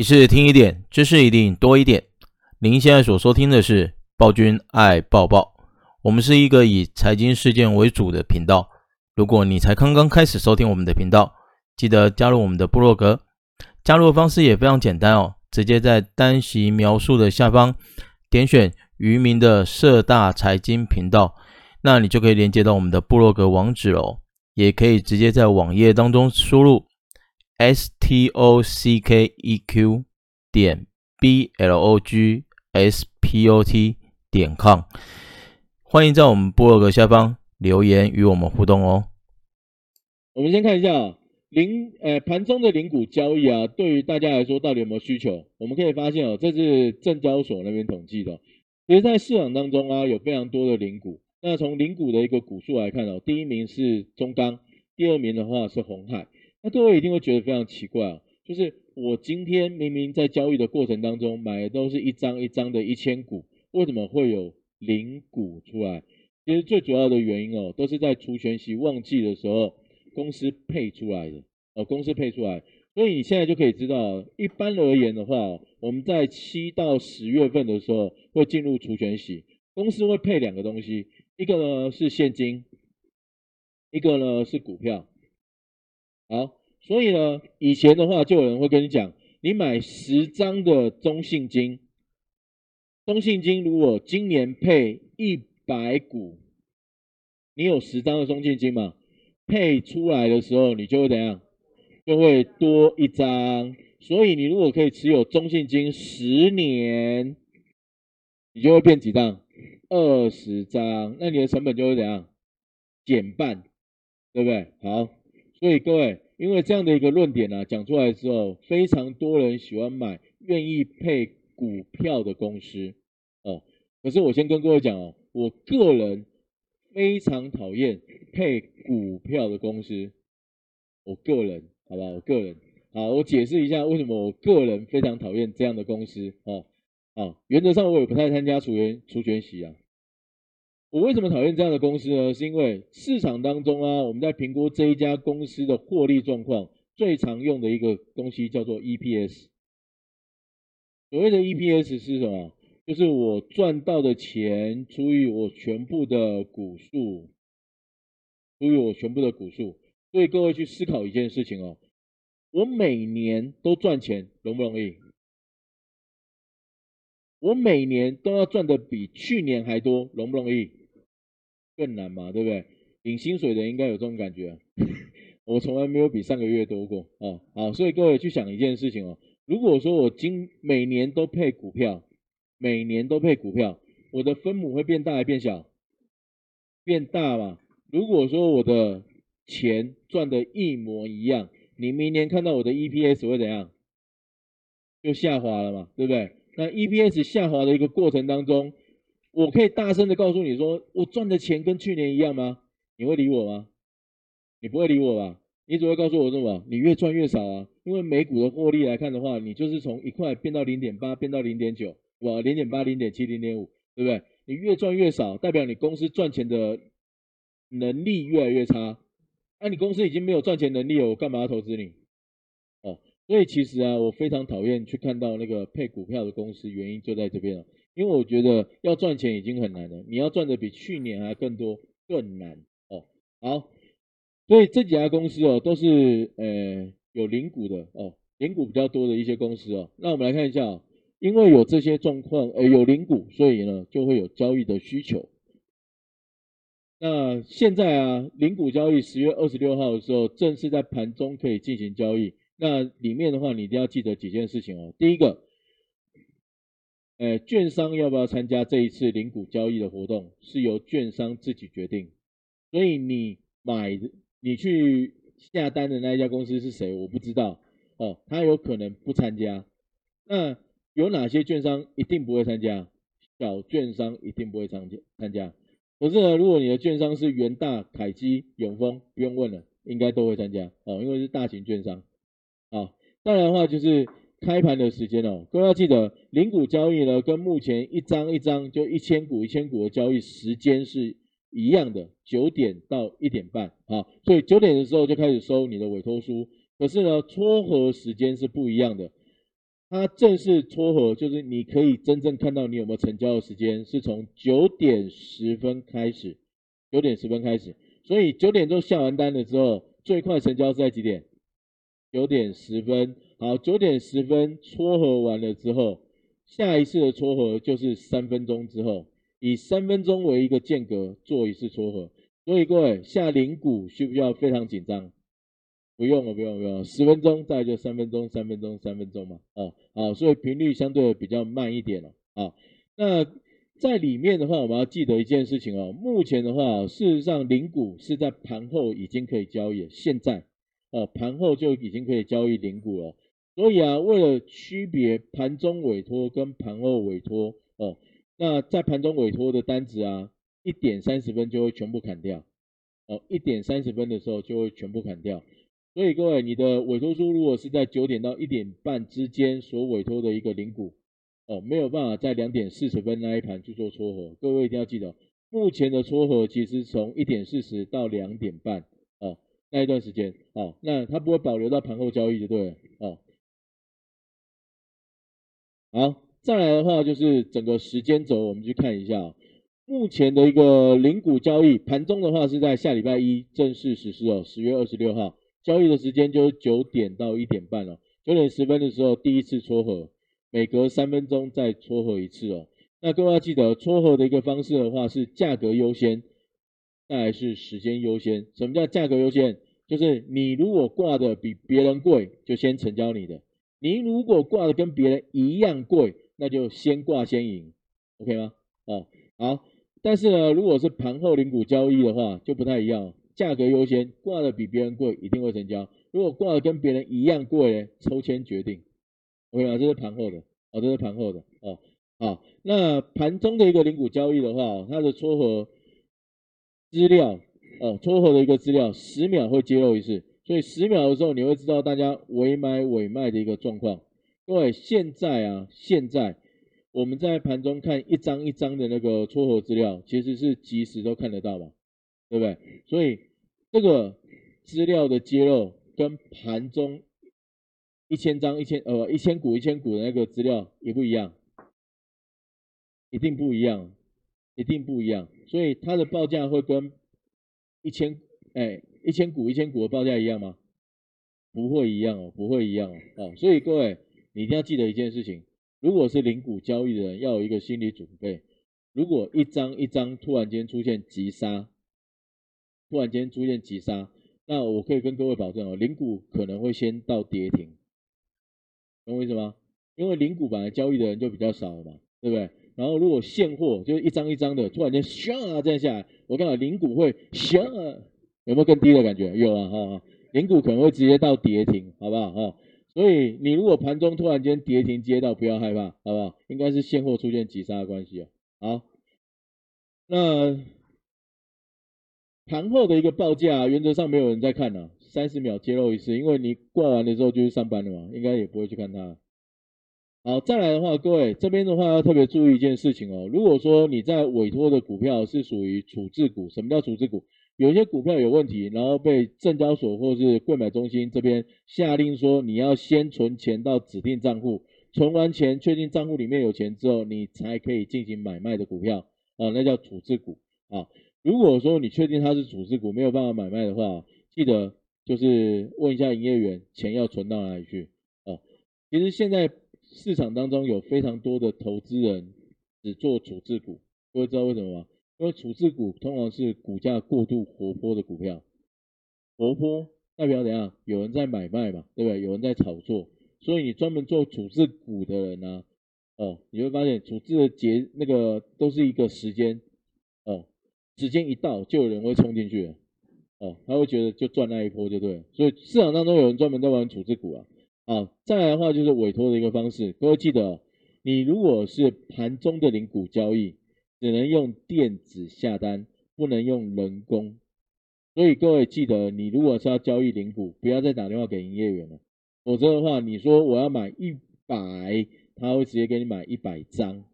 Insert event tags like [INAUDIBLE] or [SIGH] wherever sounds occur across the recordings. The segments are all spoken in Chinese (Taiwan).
你是聽一點，知識一定多一點。您現在所收聽的是《報君愛報報》，我們是一個以財經事件為主的頻道。如果你才剛剛開始收聽我們的頻道，記得加入我們的部落格。加入的方式也非常簡單哦，直接在單集描述的下方點選“於銘的社大財經頻道”，那你就可以連接到我們的部落格網址哦。也可以直接在網頁當中輸入。S T O C K E Q 點 B L O G S P O T 點 com，歡迎在我們部落格下方留言與我們互動哦。我們先看一下啊，零呃盤中的零股交易啊，對於大家來說到底有沒有需求？我們可以發現哦，這是證交所那邊統計的。其實，在市場當中啊，有非常多的零股。那從零股的一個股數來看哦，第一名是中鋼，第二名的話是鴻海。那各位一定會覺得非常奇怪啊、哦，就是我今天明明在交易的過程當中買的都是一張一張的一千股，為什麼會有零股出來？其實最主要的原因哦，都是在除權息旺季的時候，公司配出來的，哦、呃，公司配出來，所以你現在就可以知道，一般而言的話，我們在七到十月份的時候會進入除權息，公司會配兩個東西，一個呢是現金，一個呢是股票，好。所以呢，以前的話就有人會跟你講，你買十張的中信金，中信金如果今年配一百股，你有十張的中信金嘛？配出來的時候，你就會怎樣？就會多一張。所以你如果可以持有中信金十年，你就會變幾張？二十張。那你的成本就會怎樣？減半，對不對？好，所以各位。因為這樣的一個論點呢、啊，講出來之後，非常多人喜歡買、願意配股票的公司，哦。可是我先跟各位講哦，我個人非常討厭配股票的公司，我個人，好吧，我個人，好，我解釋一下為什麼我個人非常討厭這樣的公司，哦哦、原則上我也不太參加除權除權息啊。我為什麼討厭這樣的公司呢？是因為市場當中啊，我們在評估這一家公司的獲利狀況，最常用的一個東西叫做 EPS。所謂的 EPS 是什麼？就是我賺到的錢除以我全部的股數，除以我全部的股數。所以各位去思考一件事情哦、喔，我每年都賺錢，容不容易？我每年都要賺的比去年還多，容不容易？困難嘛，對不對？領薪水的應該有這種感覺、啊。 [LAUGHS] 我從來沒有比上個月多過啊、哦，好，所以各位去想一件事情哦。如果說我今每年都配股票，每年都配股票，我的分母會變大還變小？變大嘛。如果說我的錢賺的一模一樣，你明年看到我的 EPS 會怎樣？又下滑了嘛，對不對？那 EPS 下滑的一個過程當中。我可以大聲的告訴你說，我賺的錢跟去年一樣嗎？你會理我嗎？你不會理我吧？你只會告訴我什麼？你越賺越少啊！因為每股的獲利來看的話，你就是從一塊變到零點八，變到零點九，哇，零點八、零點七、零點五，對不對？你越賺越少，代表你公司賺錢的能力越來越差。那、啊、你公司已經沒有賺錢能力了，我幹嘛要投資你？哦，所以其實啊，我非常討厭去看到那個配股票的公司，原因就在這邊了。因為我覺得要賺錢已經很難了，你要賺的比去年還更多更難哦。好，所以這幾家公司哦都是呃有零股的哦，零股比較多的一些公司哦。那我們來看一下哦，因為有這些狀況，呃有零股，所以呢就會有交易的需求。那現在啊零股交易十月二十六號的時候，正式在盤中可以進行交易。那裡面的話，你一定要記得幾件事情哦。第一個。呃，券商要不要參加這一次零股交易的活動，是由券商自己決定。所以你買的、你去下單的那一家公司是誰，我不知道哦，他有可能不參加。那有哪些券商一定不會參加？小券商一定不會參加。可是呢，如果你的券商是元大、凱基、永豐，不用問了，應該都會參加哦，因為是大型券商。啊、哦，當然的話就是。開盤的時間哦，各位要記得，零股交易呢，跟目前一張一張就一千股一千股的交易時間是一樣的，九點到一點半啊。所以九點的時候就開始收你的委托書，可是呢，撮合時間是不一樣的。它正式撮合就是你可以真正看到你有沒有成交的時間，是從九點十分開始。九點十分開始，所以九點鐘下完單了之後，最快成交是在幾點？九點十分。好，九點十分撮合完了之後，下一次的撮合就是三分鐘之後，以三分鐘為一個間隔做一次撮合。所以各位下零股需不需要非常緊張？不用了，不用了，不用了。十分鐘，大概就三分鐘，三分鐘，三分鐘嘛。啊、哦，好，所以頻率相對的比較慢一點了。啊，那在裡面的話，我們要記得一件事情哦。目前的話，事實上零股是在盤後已經可以交易了，現在啊，哦，盤後就已經可以交易零股了。所以啊，為了區別盤中委托跟盤後委托哦，那在盤中委托的單子啊，一點三十分就會全部砍掉哦，一點三十分的時候就會全部砍掉。所以各位，你的委托書如果是在九點到一點半之間所委托的一個零股哦，沒有辦法在兩點四十分那一盤去做撮合。各位一定要記得，目前的撮合其實從一點四十到兩點半，哦，那一段時間哦，那它不會保留到盤後交易就對了哦。好，再來的話就是整個時間軸，我們去看一下喔，目前的一個零股交易盤中的話是在下禮拜一正式實施哦，十月二十六號交易的時間就是九點到一點半哦，九點十分的時候第一次撮合，每隔三分鐘再撮合一次哦。那各位要記得撮合的一個方式的話是價格優先，再來是時間優先。什麼叫價格優先？就是你如果掛的比別人貴，就先成交你的。您如果掛的跟別人一樣貴，那就先掛先贏，OK 嗎？啊、哦，好。但是呢，如果是盤後零股交易的話，就不太一樣，價格優先，掛的比別人貴一定會成交。如果掛的跟別人一樣貴，抽籤決定，OK 嗎？這是盤後的，啊，這是盤後的，哦，啊、哦，那盤中的一個零股交易的話，它的撮合資料，呃、哦，撮合的一個資料，十秒會揭露一次。所以十秒的時候，你會知道大家委買委賣的一個狀況。各位，現在啊，現在我們在盤中看一張一張的那個撮合資料，其實是即時都看得到嘛，對不對？所以這個資料的揭露跟盤中一千張一千呃一千股一千股的那個資料也不一樣，一定不一樣，一定不一樣。所以它的報價會跟一千哎。一千股一千股的報價一樣嗎？不會一樣哦，不會一樣哦，哦，所以各位你一定要記得一件事情，如果是零股交易的人，要有一個心理準備。如果一張一張突然間出現急殺，突然間出現急殺，那我可以跟各位保證哦，零股可能會先到跌停，懂我意思嗎？因為零股本來交易的人就比較少了嘛，對不對？然後如果現貨就是一張一張的突然間咻啊這樣下來，我看到零股會咻。有沒有更低的感覺？有啊，哈，零股可能會直接到跌停，好不好？哈，所以你如果盤中突然間跌停接到，不要害怕，好不好？應該是現貨出現急殺的關係啊，好，那盤後的一個報價，原則上沒有人在看了、啊，三十秒揭露一次，因為你掛完了之後就去上班了嘛，應該也不會去看它。好，再來的話，各位這邊的話要特別注意一件事情哦、喔，如果說你在委託的股票是屬於處置股，什麼叫處置股？有些股票有問題，然後被證交所或是櫃買中心這邊下令說，你要先存錢到指定賬戶，存完錢確定賬戶裡面有錢之後，你才可以進行買賣的股票啊、呃，那叫處置股啊。如果說你確定它是處置股，沒有辦法買賣的話，記得就是問一下營業員，錢要存到哪裡去啊。其實現在市場當中有非常多的投資人只做處置股，不會知道為什麼嗎？因為處置股通常是股價過度活潑的股票，活潑代表怎樣？有人在買賣嘛，對不對？有人在炒作，所以你專門做處置股的人呢，啊，哦，你會發現處置的節那個都是一個時間，哦，時間一到就有人會衝進去，哦，他會覺得就賺那一波就對，所以市場當中有人專門在玩處置股啊，啊，再來的話就是委托的一個方式，各位記得，哦，你如果是盤中的零股交易。只能用電子下單，不能用人工。所以各位記得，你如果是要交易零股，不要再打電話給營業員了。否則的話，你說我要買一百，他會直接給你買一百張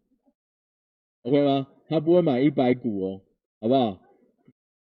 ，OK 嗎？他不會買一百股哦，好不好？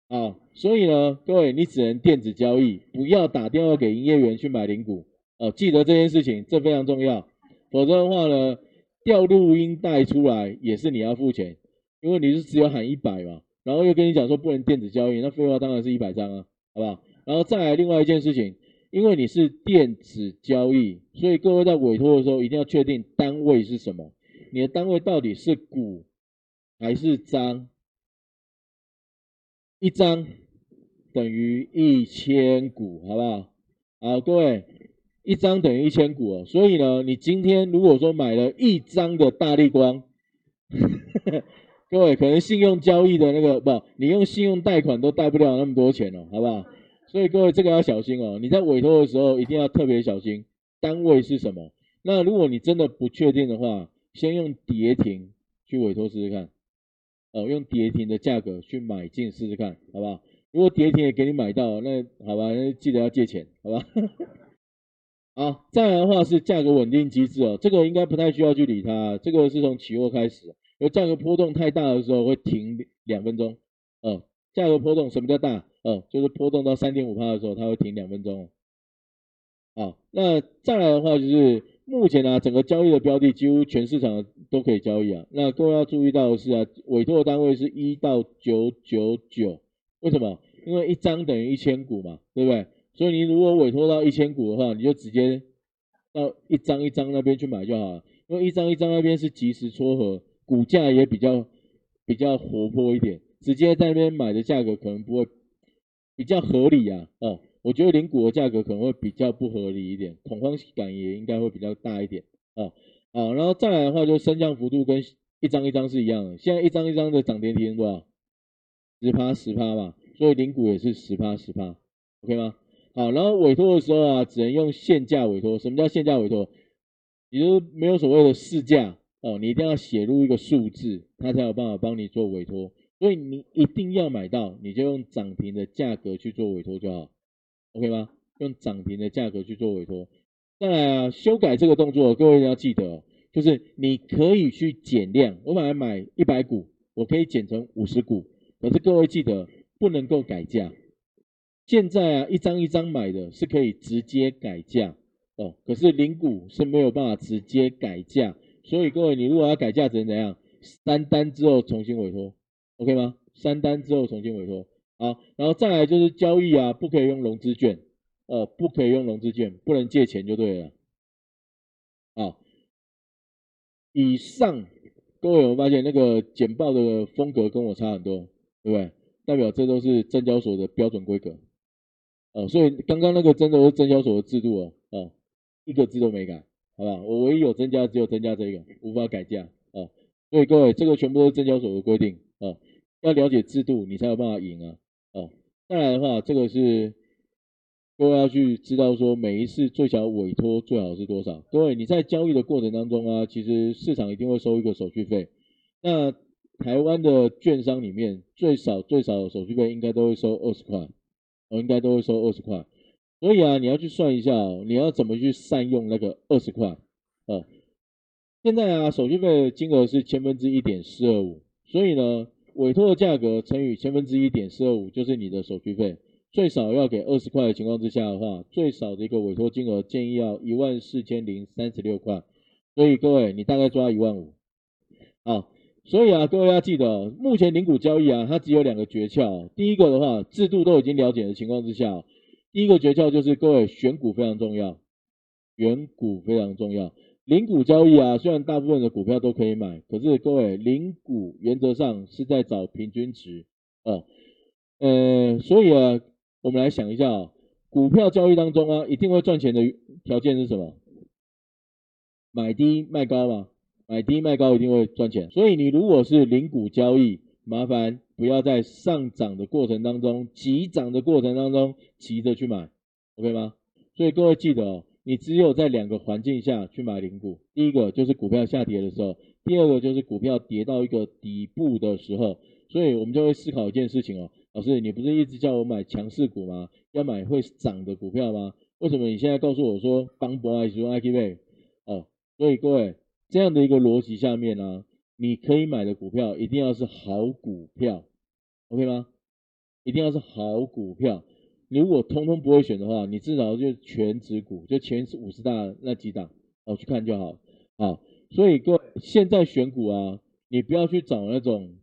好，所以呢，各位你只能電子交易，不要打電話給營業員去買零股哦，呃。記得這件事情，這非常重要。否則的話呢，調錄音帶出來也是你要付錢。因為你是只有喊一百嘛，然後又跟你講說不能電子交易，那廢話當然是一百張啊，好不好？然後再來另外一件事情，因為你是電子交易，所以各位在委托的時候一定要確定單位是什麼，你的單位到底是股還是張？一張等於一千股，好不好？好，各位，一張等於一千股啊，所以呢，你今天如果說買了一張的大立光。 [LAUGHS] 各位可能信用交易的那個不，你用信用貸款都貸不了那麼多錢哦，好不好？所以各位這個要小心哦，你在委托的時候一定要特別小心，單位是什麼？那如果你真的不確定的話，先用跌停去委托試試看，哦，用跌停的價格去買進試試看，好不好？如果跌停也給你買到，那好吧，那記得要借錢，好吧？啊， [LAUGHS] 再來的話是價格穩定機制哦，這個應該不太需要去理它，這個是從期貨開始。因為價格波動太大的時候會停兩分鐘，哦，價格波動什麼叫大？哦，就是波動到三點五趴的時候，它會停兩分鐘。好，那再來的話就是目前呢、啊，整個交易的標的幾乎全市場都可以交易啊。那各位要注意到的是啊，委托的單位是一到九九九，為什麼？因為一張等於一千股嘛，對不對？所以你如果委托到一千股的話，你就直接到一張一張那邊去買就好了，因為一張一張那邊是即時撮合。股價也比較比較活潑一點，直接在那邊買的價格可能不會比較合理啊，哦，我覺得零股的價格可能會比較不合理一點，恐慌感，也應該會比較大一點啊，好、哦哦，然後再來的話就，升降幅度跟一張一張是一樣的，現在一張一張的漲跌停多少？十趴十趴吧，所以零股也是十趴十趴，OK 嗎？好，然後委托的時候啊，只能用限價委托，什麼叫限價委托？也就是沒有所謂的市價。哦，你一定要寫入一個數字，他才有辦法幫你做委托。所以你一定要買到，你就用漲停的價格去做委託就好，OK 嗎？用漲停的價格去做委托。再來啊，修改這個動作哦，各位一定要記得哦，就是你可以去減量。我本來買一百股，我可以減成五十股。可是各位記得不能夠改價。現在啊，一張一張買的是可以直接改價哦，可是零股是沒有辦法直接改價。所以各位，你如果要改價，只能怎樣？三單之後重新委托，OK 嗎？三單之後重新委托。好，然後再來就是交易啊，不可以用融資券，呃，不可以用融資券，不能借錢就對了。好，以上各位有沒有發現那個簡報的風格跟我差很多，對不對？代表這都是證交所的標準規格，呃，所以剛剛那個真的是證交所的制度啊，啊、呃，一個字都沒改。好吧，我唯一有增加，只有增加這個，無法改價啊、哦。所以各位，這個全部都是證交所的規定啊、哦。要了解制度，你才有辦法贏啊。啊、哦，當然的話，這個是各位要去知道說，每一次最小委托最好是多少？各位你在交易的過程當中啊，其實市場一定會收一個手續費。那台灣的券商裡面，最少最少的手續費應該都會收二十塊，哦，應該都會收二十塊。所以啊，你要去算一下，你要怎麼去善用那個二十塊？現在啊，手續費的金額是千分之一點四二五，所以呢，委託的價格乘以千分之一點四二五，就是你的手續費。最少要給二十塊的情況之下的話，最少的一個委託金額建議要一萬四千零三十六塊。所以各位，你大概抓一萬五。好，所以啊，各位要記得，目前零股交易啊，它只有兩個訣竅。第一個的話，制度都已經了解的情況之下。第一個訣竅就是各位選股非常重要，選股非常重要。零股交易啊，雖然大部分的股票都可以買，可是各位零股原則上是在找平均值，哦、呃，所以啊，我們來想一下啊、哦，股票交易當中啊，一定會賺錢的條件是什麼？買低賣高嘛，買低賣高一定會賺錢。所以你如果是零股交易，麻煩不要在上漲的過程當中，急漲的過程當中，急着去買，OK 嗎？所以各位記得哦，你只有在兩個環境下去買零股，第一個就是股票下跌的時候，第二個就是股票跌到一個底部的時候。所以我們就會思考一件事情哦，老師，你不是一直叫我買強勢股嗎？要買會漲的股票嗎？為什麼你現在告訴我說幫博愛說 I K B？哦，所以各位這樣的一個邏輯下面呢、啊？你可以買的股票一定要是好股票，OK 嗎？一定要是好股票。你如果通通不會選的話，你至少就權值股，就前五十大那幾檔，我、哦、去看就好。好，所以各位現在選股啊，你不要去找那種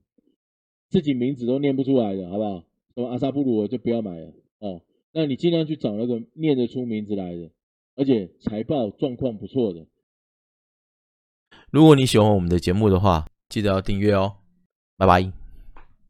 自己名字都念不出來的，好不好？什麼阿薩布魯就不要買了哦。那你儘量去找那個念得出名字來的，而且財報狀況不錯的。如果你喜歡我們的節目的話，記得要訂閱哦。拜拜。